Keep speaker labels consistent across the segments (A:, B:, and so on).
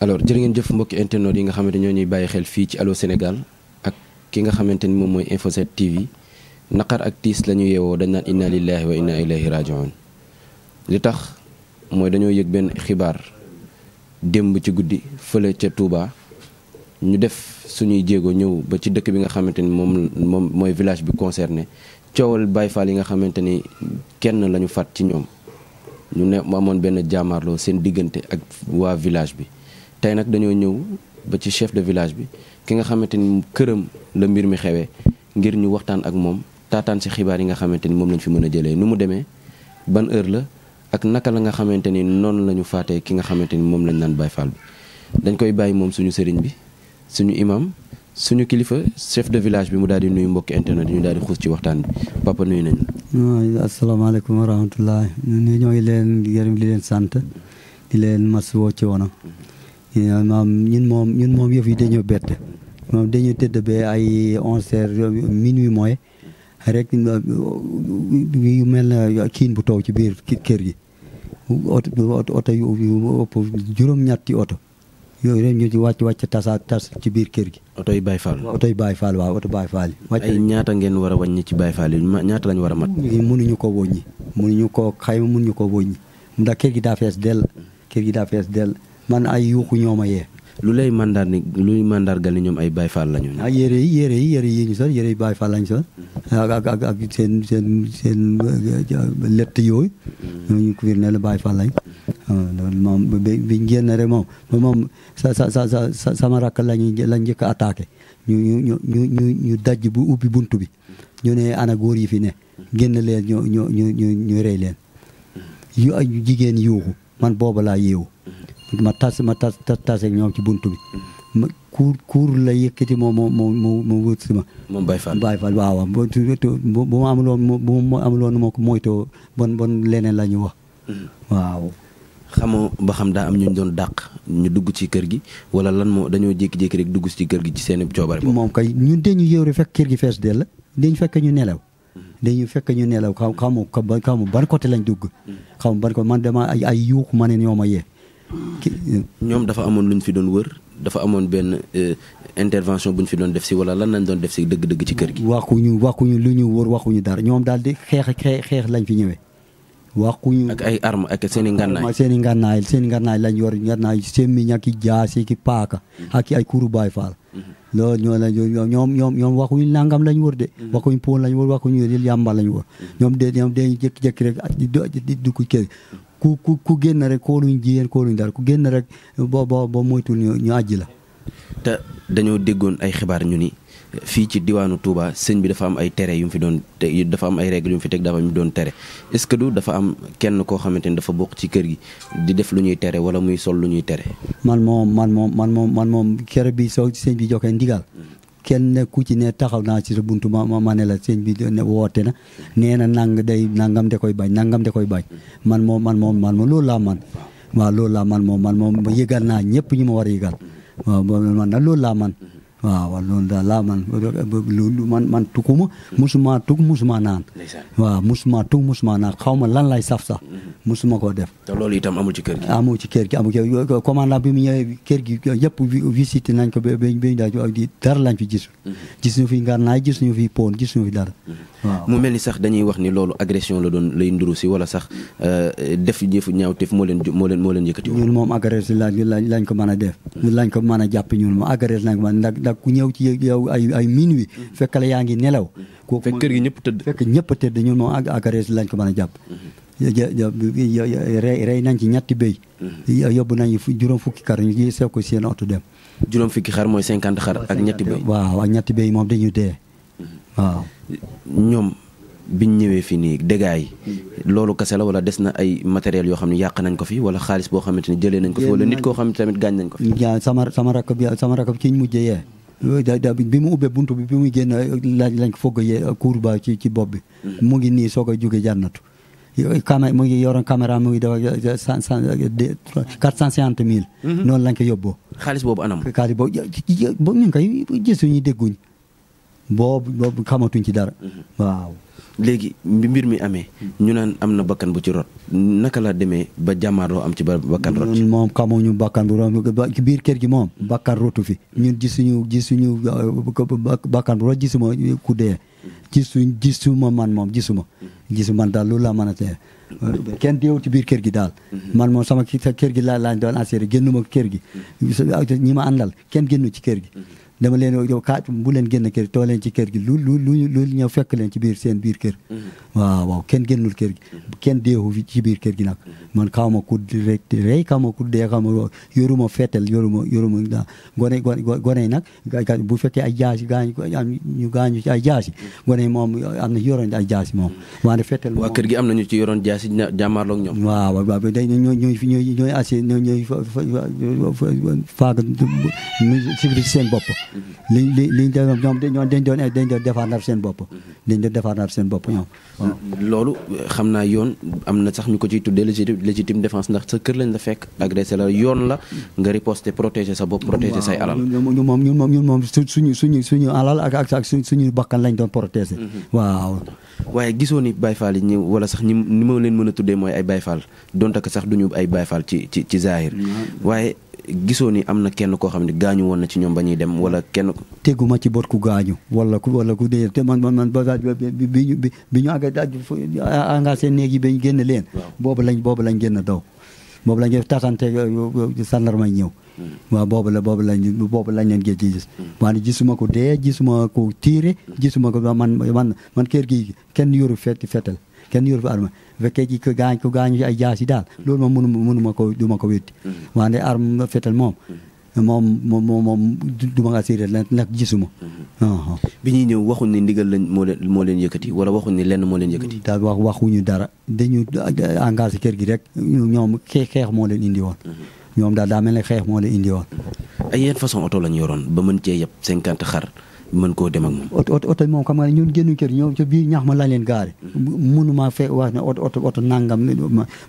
A: alors jërë ngeen jëf mbokki internautes yi nga xamante ñoo ñuy bàyyi xel fii ci Allô senegal ak ki nga xamante ni moom mooy Info 7 TV naqar ak tiis la ñu yeewoo dañ naan inna lillahi wa inna ilayhi rajiun li tax mooy dañoo yëg benn xibaar démb ci guddi fële ca Touba ñu def suñuy jéego ñëw ba ci dëkk bi nga xamante ni moom moom mooy village bi concerné coowal Baye Fall yi nga xamante ni kenn la ñu faat ci ñoom ñu ne mu amoon benn jaamaarloo seen diggante ak waa village bi tey nag dañoo ñëw ba ci chef de village bi ki nga xamante ni këram la mbir mi xewee ngir ñu waxtaan ak moom taataan si xibaar yi nga xamante ni moom lañ fi mën a jëlee nu mu demee ban heure la ak naka la nga xamante ni noonu la ñu faatee ki nga xamante ni moom lañ naan Baye Fall bi dañ koy bàyyi moom suñu sëriñ bi suñu imam suñu kilifa chef de village bi mu daal di nuyu mbokki internet ñu daal di xuus ci waxtaan bi papa nuyu nañ
B: la. asalaamaaleykum wa rahmatulah ñun ñooy leen gërëm di leen sant di leen mas ci woon Euh, maam ñun moom ñun moom yëf yi dañoo bett moom dañoo tëdd ba ay onze heures euh, minuit mooy rek euh, yu mel na kiin bu taw ci biir kër gi oto oto yu ëpp juróom-ñetti oto yooyu rek ñu ci wàcc wàcc tasa tas ci biir kër gi. oto yi Baye Fall.
A: oto yi Baye Fall waaw oto Baye Fall yi. ay ñaata ngeen war a wàññi ci Baye Fall yi ñaata lañ war a mat.
B: mënuñu ko wàññi mënuñu ko xayma mënuñu ko wàññi ndax kër gi daa fees dell kër gi daa fees dell. man ay yuuxu ñoo ma yee.
A: lu lay mandaar ni luy mandargal ni ñoom ay Baye Fall lañu.
B: ah yére yi yére yi yére yi ñu sol yére yi Baye Fall lañu sol. Mm-hmm. ak ak seen seen seen euh, lett yooyu. Mm-hmm. ñooñu ko fiir ne la Baye Fall lañ. Ah, loolu moom biñ génn rek moom moom sa sa sama rakk lañu lañ njëkk a ñu ñu ñu ñu ñu daj bu ubbi bunt bi. ñu ne ana yi fi ne. génn leen ñu ñu rey leen. Mm-hmm. yu jigéen yuuxu man booba laa yeewu. ma tas ma tas tase ñoom ci buntu bi ma kuur kuur la yëkkati moom moo moo moo moo wër si ma moom Baye Fall Baye Fall waaw bu ma amuloon bu ma amuloon moo ko moytoo bon bon leneen la ñu wax
A: mm-hmm. waaw xamoo ba xam daa am ñu doon dàq ñu dugg ci kër gi wala lan moo dañoo jékki-jékki rek dugg ci kër gi ci seen coobare moom
B: kay ñun dañu yëwri fekk kër gi fees dell dañu fekk ñu nelaw mm-hmm. dañu fekk ñu nelaw xaw xaw ma ban côté lañ dugg mm-hmm. xaw ma ban côté man dama ay ay yuux ma ne ñoo ma yee
A: ñoom dafa amoon lu ñu fi doon wër dafa amoon benn euh, intervention bu ñu fi doon def si wala lan lañ doon def si dëgg-dëgg ci kër gi.
B: waxuñu ñu lu ñu wër waxuñu dara ñoom daal di xeex xeex lañ fi ñëwee. waxuñu ak
A: ay armes ak seen i ngànnaay seen
B: i ngànnaay seen i ngànnaay lañ yor ngànnaay semmiñ ak i jaasi ki paaka. ak ay kuru baay faal. Mhm. loolu ñoo la ñoom ñoom ñoom waxuñu nangam lañ wër de. Mhm. waxuñu poon lañ wër waxuñu yàmba lañ wër. Mhm. ñoom de ñoom de jékki-jékki rek di dugg kër ku ku ku génn rek kóoluñ jigéen kóoluñ dara ku génn rek boo boo boo ñu ñu àjji la.
A: te dañoo déggoon ay xibaar ñu ni fii ci diwaanu Touba sëñ bi dafa am ay tere yu mu fi doon te dafa am ay règles yu mu fi teg dafa am doon tere est-ce que du dafa am kenn koo xamante ni dafa bokk ci kër gi di def lu ñuy tere wala muy sol lu ñuy tere.
B: man moom man moom man moom man moom kere bi soo sëñ bi joxe ndigaal kenn ku ci ne taxaw naa ci sa buntu ma ma ne la sëñ bi woote na nee na nanga day nangam da koy bañ nangam da koy bañ man moo man moom man moom loolu laa man waaw loolu laa man moom man moom yëgal naa ñëpp ñu ma war a yëgal man nag loolu man waaw loolu daal laa man loolu man man tukkuma musuma tukk musuma naan waaw musuma tukk musuma naan xaw ma lan lay saf sax mhm. musuma koo def te loolu
A: itam amul ci kër gi
B: ci kër gi amul ci commandant bi mu ñëwee kër gi yëpp visite nañ ko ba ba ñu daa dara lañ fi gisul mhm. gis ñu fi ngar naay gis ñu fi poon gis ñu fi dara mhm.
A: mu mel ni sax dañuy wax ni loolu agression la doon lay nduru si wala sax euh, def jëfu ñaawteef moo leen moo leen moo leen yëkkati ñun moom
B: agresse lañ lañ ko mën a def hmm. lañ ko mën a jàpp ñun moom agresse lañ ko mën ku ñëw ci yow ay ay minuit hmm. fekk la yaa ngi nelaw kooku kër gi ñëpp tëdd fekk ñëpp tëdd ñun moom agresse lañ ko mën a jàpp hmm. rey rey nañ ci ñetti béy yóbbu nañ juróom fukki kar ñu sew ko seen oto dem
A: juróom fukki xar mooy cinquante xar ak ñetti béy waaw
B: ak ñetti béy moom dañu dee
A: waaw ah. ñoom biñ ñëwee fi nii dégâts yi loolu kase la wala des na ay matériel yoo xam ne yàq nañ ko fi wala xaalis boo xamante ni jëlee nañ ko fi wala nit koo xam ne tamit gaañ nañ ko fi
B: sama sama rakk bi sama rakk bi ñu bi mu ubbee ko fogg yee kuur ba ci ci bi mm-hmm. mu ngi nii soog a jóge jànnatu caméra mu ngi yoroon caméra mu ngi def cent cent quatre cent cinquante mille mm-hmm. noonu lañ ko yóbboo
A: xaalis boobu anam
B: xaalis boobu dégguñ boobu boobu xamatuñ ci dara.
A: Mhm. waaw. léegi bi mbir mi amee. Mhm. ñu naan am na bakkan bu ci rot. naka la demee ba jàmmaarloo am ci ba bakkan rot. ñun ñu
B: xamuñu bakkan bu rot ci biir kër gi moom. bakkan rotu fi. Mhm. ñun gisuñu gisuñu bakkan bu rot gisuma ku dee. gisuñ gisuma man moom gisuma. gisuma man daal loolu laa mën a tee. kenn deewul ci biir kër gi daal. man moom sama kër gi laa lañ doon assuré génnuma kër gi. ñi ma àndal kenn génnu ci kër gi. dama leen yow kaa bu leen génn kër too ci kër gi lu lu lu lu ñëw fekk leen ci biir seen biir kër waaw waaw kenn génnul kër gi kenn deexu fi ci biir kër gi nag man xaw ma ku rek rey xaw ma ku dee xaw ma yoruma feetel yoruma yoruma da gone gone nag bu fekkee ay jaasi gaañu ñu gaañu ci ay jaasi gone moom am na yoroon ay jaasi moom waane feetel waa
A: kër gi am nañu ci yoroon jaasi jàmmaarloog ñoom waaw waaw day
B: ñooy ñooy ñooy ñooy assi ñooy ñooy faag sécurité seen bopp liñ li liñ doon ñoom ñoom dañ doon eh, dañ doon défendre seen bopp mhm. dañ doon défendre seen bopp ñoom
A: ah, loolu xam naa yoon am na sax ñu ko ciy tuddee légitime légitime défense ndax sa kër lañ la fekk agressé la yoon la nga riposter protéger sa bopp protéger say alal
B: ñun moom ñun moom ñun moom suñu suñu suñu alal ak ak ak suñu bakkan lañ doon protéger mhm.
A: waaw waaye gisoo ni Baye Fall yi ñi wala sax ñi ni ma leen mën a tuddee mooy ay Baye Fall donte ko sax duñu ay Baye Fall ci ci ci mhm. waaye gisoo ni am na kenn koo xam ne gaañu woon na ci ñoom ba ñuy dem wala kenn. teguma ci boot
B: ku gaañu wala ku wala ku dee te man man man bi bi bi ñu àgg engagé néeg yi ba ñu génn leen. boobu lañ boobu lañ génn daw. boobu lañ def tasante euh, euh, sàndarma ma hmm. waaw boobu la boobu lañ boobu lañ leen gëj di gis. Hmm. waaye gisuma ko dee gisuma ko tiire. Hmm. gisuma ko man man man kër gi kenn yoru fet fetal kenn yor fa arme bu fekkee jikk ko gaañ ko gaañu ci ay jaas yi daal loolu moom mënu ma ko du ma ko wétti mm-hmm. wante arme fetal mm-hmm. moom moom moom moom du ma nga séeréer la nag gisuma. Mm-hmm. Uh-huh.
A: bi ñuy ñëw waxuñ ne ndigal lañ moo leen moo leen yëkkati wala waxuñ ne lenn moo leen yëkkati. daal wax waxuñu dara
B: dañu engagé kër gi rek ñoom xeex moo leen indi woon. ñoom
A: daal daa mel xeex moo leen indi woon. ay yenn façon oto lañ yoroon ba mën cee yëpp cinquante xar. mën koo dem ak moom
B: oto oto moom xam nga ñun génnu kër ñoom ca biir ñax ma laa leen gaare hmm. mënuma fee wax ne oto oto nangam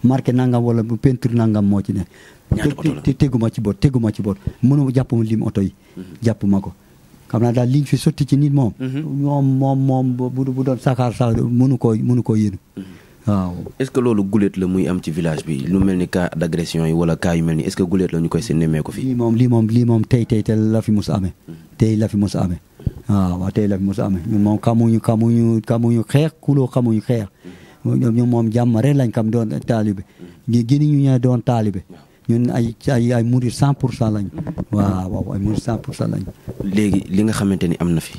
B: marqué nangam wala peinture nangam moo ci ne te teguma ci boot teguma ci boot mënuma jàppuma lim oto yi hmm. jàppuma ko xam naa daal liñ fi sotti ci nit moom hmm. ñoom moom moom bu doon sakaar sa mënu koo mënu koo yéenu
A: loolu guléet la muy am ci village bi lu mel ni cas d'agression yi wala cas yu mel ni est-ce ñu koy seen nemmee ko fi
B: lii moom lii moom lii moom tey tey tey la fi mos ame tey la fi mos amee waaw ah, wax tey la mos amee ñun moom xamuñu xamuñu xamuñu xeex kuloo xamuñu xeex ñoom ñoom moom jàmm rek lañ xam doon taalibe gi gini ñu ñee doon taalibe ñun ay ay ay murid cent pour cent lañ waaw waaw ay murid cent pour cent lañ
A: léegi li nga xamante ni am na fi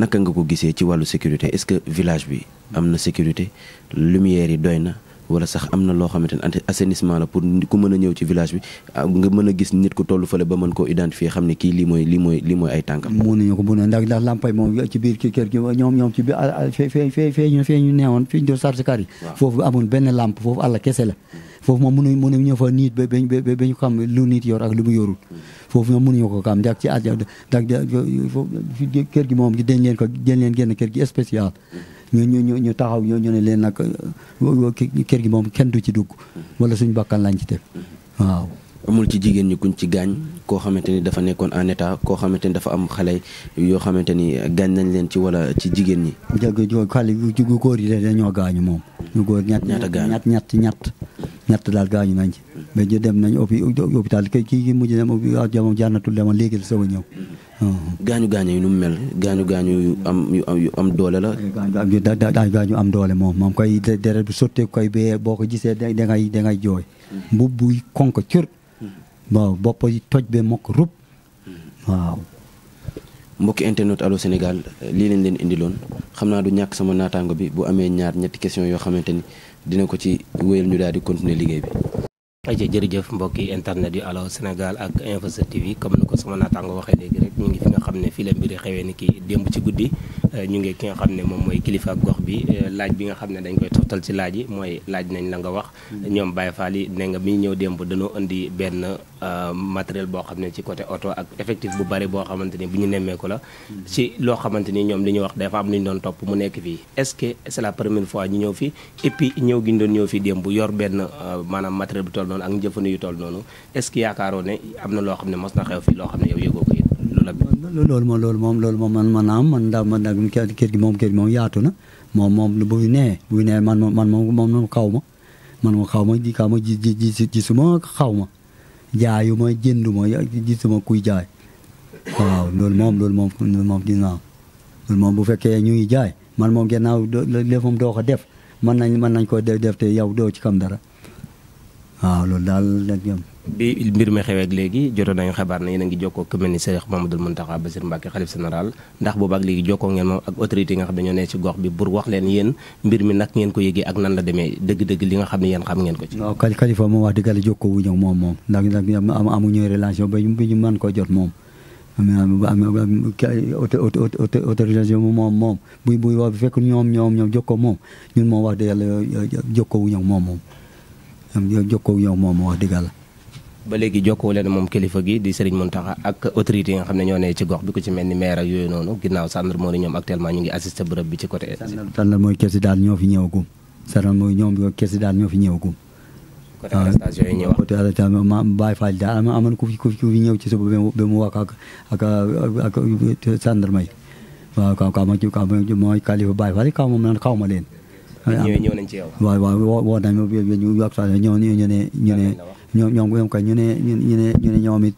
A: naka nga ko gisee ci wàllu sécurité est-ce que village bi am na sécurité lumière yi doy na wala sax am na loo xamante ne assainissement la pour ku mën a ñëw ci village bi ah, nga mën a gis nit ku toll fële ba mën koo identifier xam ne kii lii mooy lii mooy lii mooy ay tànkam. mënuñu ko
B: mënuñu ndax ndax lampay moom ci biir kii kër gi ñoom ñoom ci biir fee fee fee foofu amul benn lamp foofu àll kese la. foofu moom mënuñ mënuñ ñëw fa niit ba ba ba ñu xam lu nit yor ak lu mu yorul. Hmm. foofu moom mënuñu ko xam ndax ci at kër gi moom dañ leen ko dañ leen génn kër gi spécial hmm. ñu ñu ñu ñu taxaw ñu ne leen nag euh, kër gi moom kenn du ci dugg wala suñu bakkan lañ ci teg
A: waaw. amul ci jigéen ñi kuñ ci gaañ koo xamante ni dafa nekkoon en état koo xamante ni dafa am xale yoo xamante ni gaañ nañ leen ci wala ci jigéen ñi.
B: jërëjëf xale yu góor yi dañoo gaañu moom. ñu góor ñett ñett ñett ñett ñett daal gaañu nañ ci. mais mm-hmm. ñu dem nañ
A: hôpital
B: kii mujj dem ak ah, jamono jànnatul demoon léegi la ñëw.
A: gaañu gaañu yi nu mu mel gaañu gaañu yu am yu am yu am doole la.
B: gaañu gaañu am doole moom moom koy deret bu sottee koy bee boo ko gisee da dangay da ngay jooy. mbubb buy konk cur. waaw bopp toj be mokk rub. waaw.
A: mbokki internet Allô Sénégal lii lañ leen indiloon xam naa du ñàkk sama naataango bi bu amee ñaar ñetti question yoo xamante ni dina ko ci wéyal ñu daal di continuer liggéey bi.
C: ayca jërëjëf mbokki internet yu Allô Sénégal ak Info 7 TV comme ni ko sama naataango waxee léegi rek ñu ngi fi nga xam ne fii la mbiri xewee ni ki démb ci guddi Euh, ñu ngi ki nga xam ne moom mooy kilifa gox bi euh, laaj bi nga xam ne dañ koy toftal ci laaj yi mooy laaj nañ la nga wax mm-hmm. ñoom bay Fall yi ne nga mi ñëw démb dañoo indi benn euh, matériel boo xam ne ci côté oto ak effectif bu bari boo xamante ni bu ñu nemmeeku la mm-hmm. ci loo xamante ni ñoom li ñu wax dafa am lu ñu doon topp mu nekk fii est-ce que c'est la première fois ñu ñëw fi et puis ñëw gi ñu doon ñëw fii démb yor benn maanaam matériel bu toll noonu ak njëfandu yu toll noonu est-ce que yaakaaroo ne am na loo xam ne mos ko
B: club loolu moom loolu moom loolu moom man man am man daal man nag kër gi moom kër yaatu na moom moom buy nee buy man man moom moom xaw ma man moom ma ji xaw ma ji suma xaw ma jaayu ma jëndu ma ji suma kuy jaay waaw loolu moom loolu moom loolu moom dinaa loolu moom bu fekkee ñu ngi jaay man moom gannaaw lépp moom def mën nañ mën nañ ko def te yow doo ci xam dara waaw loolu daal la
C: bi mbir mi xewee léegi jotoon nañu xabaar na yéen a ngi jokkoo ku mel ni Cheikh Mamadou Mountakha Bassir Mbacké xalif général ndax boobu ak léegi jokkoo ngeen moom ak autorité yi nga xam ne ñoo ne ci gox bi pour wax leen yéen mbir mi nag ngeen ko yëgee ak nan la demee dëgg-dëgg li xam ne yéen xam ngeen ko ci non
B: Khalifa moom wax dëgg yàlla jokkoo wu ñëw moom moom ndax nag amuñu relation ba ñu mën koo jot moom autorisation moom moom bu buy wax bi fekk ñoom ñoom ñoom jokkoo moom ñun moom wax dëgg yàlla jokkoo wu ñëw moom moom jokkoo wu ñëw moom wax dëgg
C: ba léegi jokkoo leen moom kilifa gi di Serigne Mountakha ak autorité yi nga xam ne ñoo ne ci gox bi ku ci mel ni maire yooyu noonu ginnaaw sànnar moo ñoom actuellement ñu ngi assisté bërëb ñoom fi ñëwagum. côté arrestation yi ñëw ah, côté
B: arrestation ma ci suba ba mu wax ak ak may waaw ma ci kaw mooy kalifa Baye Fall kaw ma naan kaw ma leen.
C: ñëw nañ ci yow.
B: ñu ñu ñu ne ñoom ñoom kay ñu ne ñu ne ñu ne ñoom it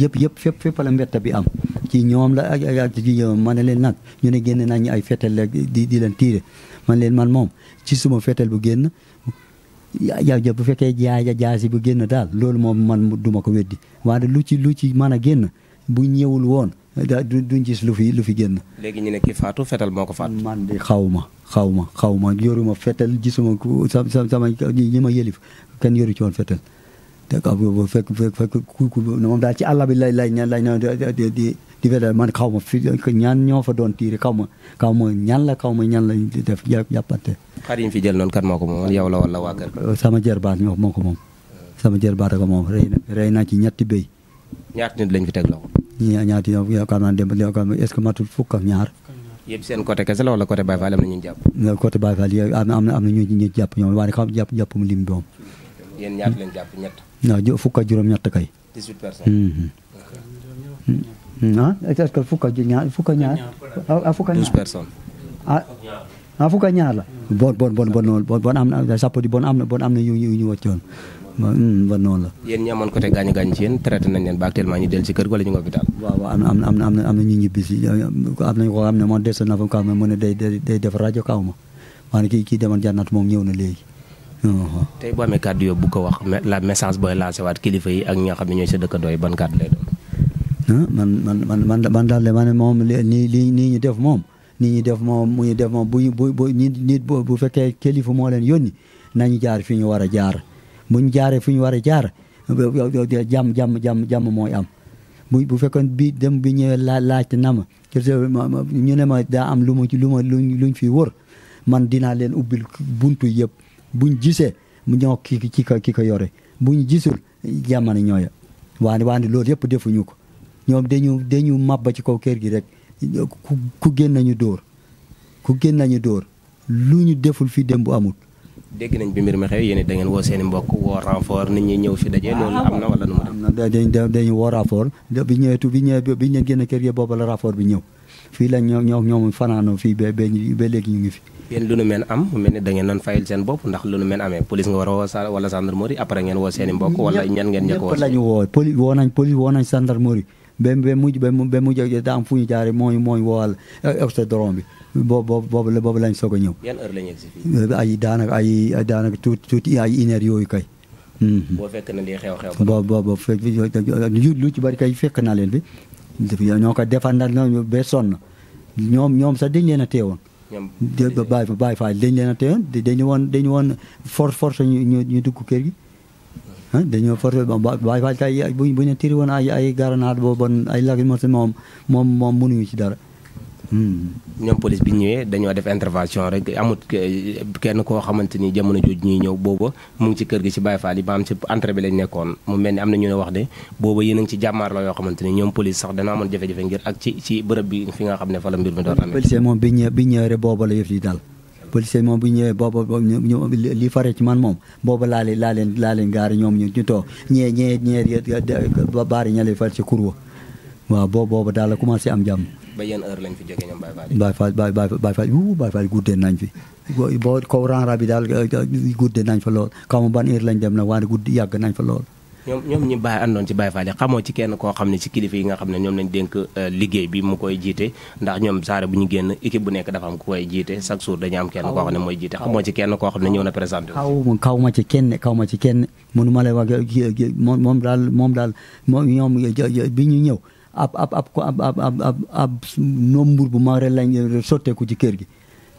B: yëpp yëpp fépp fépp la bi am ci ñoom la ak ak ci ma ne leen nag ñu ne génne nañ ñu ay fetel di di leen tiire man leen man moom ci suma fetel bu génn yaa ja bu fekkee jaay jaasi bu génn daal loolu moom man duma ko weddi waaye lu ci lu ci mën a génn bu ñëwul woon daa duñ gis lu fi lu fi génn.
C: léegi ñu ne ki faatu fetal moo ko faat. man di
B: xaw ma xaw ma xaw ma yoruma fetal gisuma ku sama sama ñi ma yëlif kenn yoru ci woon fetal. te bu fekk fekk ku ku moom daal ci àll bi lay lay lay di di di fetal ma fi ñaan ñoo fa doon tiiri xaw ma xaw ma ñaan la xaw ma ñaan lañ def jàppante.
C: xar yi ñu fi jël noonu kan moo ko moom yow la wala waa kër.
B: sama jërbaat ñoo moo ko moom. sama jërbaat ko moom rey na rey naa ci ñetti béy.
C: ñaata nit lañ fi teg
B: ñi ñaati yoon yaakaar naa démb yaakaar est-ce que matul fukk ak ñaar.
C: yéen seen côté kese la wala côté Baye Fall am na ñu jàpp.
B: na am na ñu ñu jàpp ñoom waaye xam jàpp mu lim bi moom.
C: yéen ñaata leen jàpp ñett.
B: non fukk ak fukk ak ñaar la. bon bon bon bon am na sappo di bon am na ñu ñu ñu Mm, ba noonu la.
C: yéen ñi amoon côté gaañu gaañu ci yéen traité nañ leen ba actuellement ñu si kër ñu am na am na
B: am na am na ñu ñibbi kaw ma mu ne day day def rajo kaw ma maanaam na léegi.
C: tey boo amee kàddu yóbbu ko wax la message booy lancé waat kilifa yi ak ñi xam ne ñooy sa dëkkandoo yi ban ah,
B: man man man man daal de ma ne moom nii nii nii ñu def moom. nit ñi def moom mu ñu def moom bu ñu bu bu nit bu fekkee kilifa moo leen yónni nañu jaar fi ñu war a jaar buñ jaaree fu ñu war a jaar jàmm jàmm jàmm jàmm mooy am bu bu fekkoon bi dem bi ñëwee laa laajte na ma ñu ne ma daa am lu ma lu ma luñ fi wër man dinaa leen ubbil buntu yëpp buñ jisee mu ñoo ki ki ko ki ko yore buñ gisul jamono ñooya waane waane loolu yëpp defuñu ko ñoom dañu dañu mabba ci kaw kër gi rek ku génn nañu dóor ku génn nañu dóor lu ñu deful fii dem bu amul
C: dégg nañ bi mbir mi xew yéen it da ngeen woo seen mbokk woo renfort nit ñi ñëw fi daje. loolu am na wala nu mu dem.
B: am na bi ñëwee tu bi ñëwee bi ñu génn kër gi boobu la renfort ñëw fii lañ ñoo ñoo fanaanoo fii ba léegi ñu ngi fi.
C: yéen lu nu meen am mu mel ni da ngeen seen bopp ndax lu nu meen amee police nga war a woo sa ngeen woo seen i mbokk. wala ñan ngeen njëkk a woo ñëpp la ñu
B: woo poli woo ba ba mujj ba ba mujj ak daa am fu ñu jaaree moo ñu moo ñu woowal eh, eh, oxydrome bi boobu boobu boobu lañ soog a ñëw.
C: yan heure lañ egg si fii.
B: ay daanaka ay daanaka tuuti tuuti ay une heure yooyu kay. Mhm. boo fekk na lii xew xew. boobu fekk lu ci bari kay fekk naa leen fi. ñoo ko defandal ñoom ba na ñoom ñoom sax dañ leen a teewoon. ñoom bàyyi fa bàyyi fa dañ leen a teewoon dañu woon dañu woon force force ñu ñu dugg kër gi. dañoo forcé Baay Faal tey bu bu ñu tiri woon ay ay garanaat boobu bon ay lacrymogène moom moom moom ci dara.
C: Hmm. ñoom police bi ñëwee dañoo def intervention rek amut kenn koo xamante ni jamono jooju ñuy ñëw booba mu ngi ci kër gi ci Baye Fall yi maanaam ci entrée bi lañ nekkoon mu mel ni am na ñu ne wax ne booba yéen a ngi ci jàmmaarloo yoo xamante ni ñoom police sax dana amoon jafe-jafe ngir ak ci ci bërëb bi fi nga xam ne fa la mbir mi doon amee. policier
B: moom bi ñëwee bi ñëwee policier moom bu ñëwee booba li fare ci man moom booba laale leen laa leen laa leen gaari ñoom ñu ñu toog ñee ñee ñee baari ña leen far ci kurwa waaw boobu booba daal la commencé am jàmm.
C: ba yenn heure lañ fi jógee ñoom
B: Baye Fall Baye guddee nañ fi boo kaw renra bi daal guddee nañ fa lool xaw ban heure lañ dem na waaye guddi yàgg nañ fa lool
C: ñoom ñoom ñi bàyyi àndoon ci Baye Fall yi xamoo ci kenn koo xam ne ci kilifa yi nga xam ne ñoom lañ dénk euh, liggéey bi mu koy jiite ndax ñoom saare bu ñu génn équipe bu nekk dafa am ku koy jiite chaque jour dañu am kenn koo xam ne mooy jiite xamoo ci kenn koo xam ne ñëw na présenté
B: xaw kaw ma ci kenn kaw ma ci kenn mënu ma moom moom daal moom daal moom ñoom bi ñu ñëw ab ab ab ab ab ab ab nombre bu ma re lañ sotteeku ci kër gi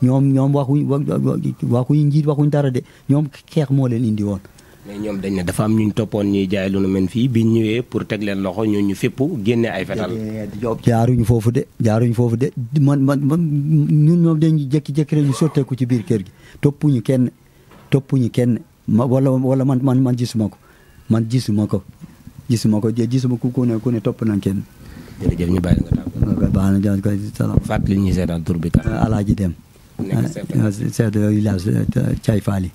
B: ñoom ñoom waxuñ waxuñ njiit waxuñ dara de ñoom xeex moo leen indi woon
C: mais ñoom dañ ne dafa am ñu ñu toppoon ñuy jaay lu nu mel fii bi ñëwee pour teg leen loxo ñoo ñu fépp génne ay fetal
B: jaaruñu foofu de jaaruñu foofu de man man man ñun ñoom dañu jékki-jékki rek ñu sotteeku ci biir kër gi toppuñu kenn toppuñu kenn ma wala wala man man man gisuma ko man gisuma ko gisuma ko gisuma ku ku ne ku ne topp nañ kenn. jërëjëf ñu bàyyi baax na jërëjëf koy salaam. fàttali ñu seetaan tur bi kat. Alaaji Dem. nekk chef de village Thiay Fall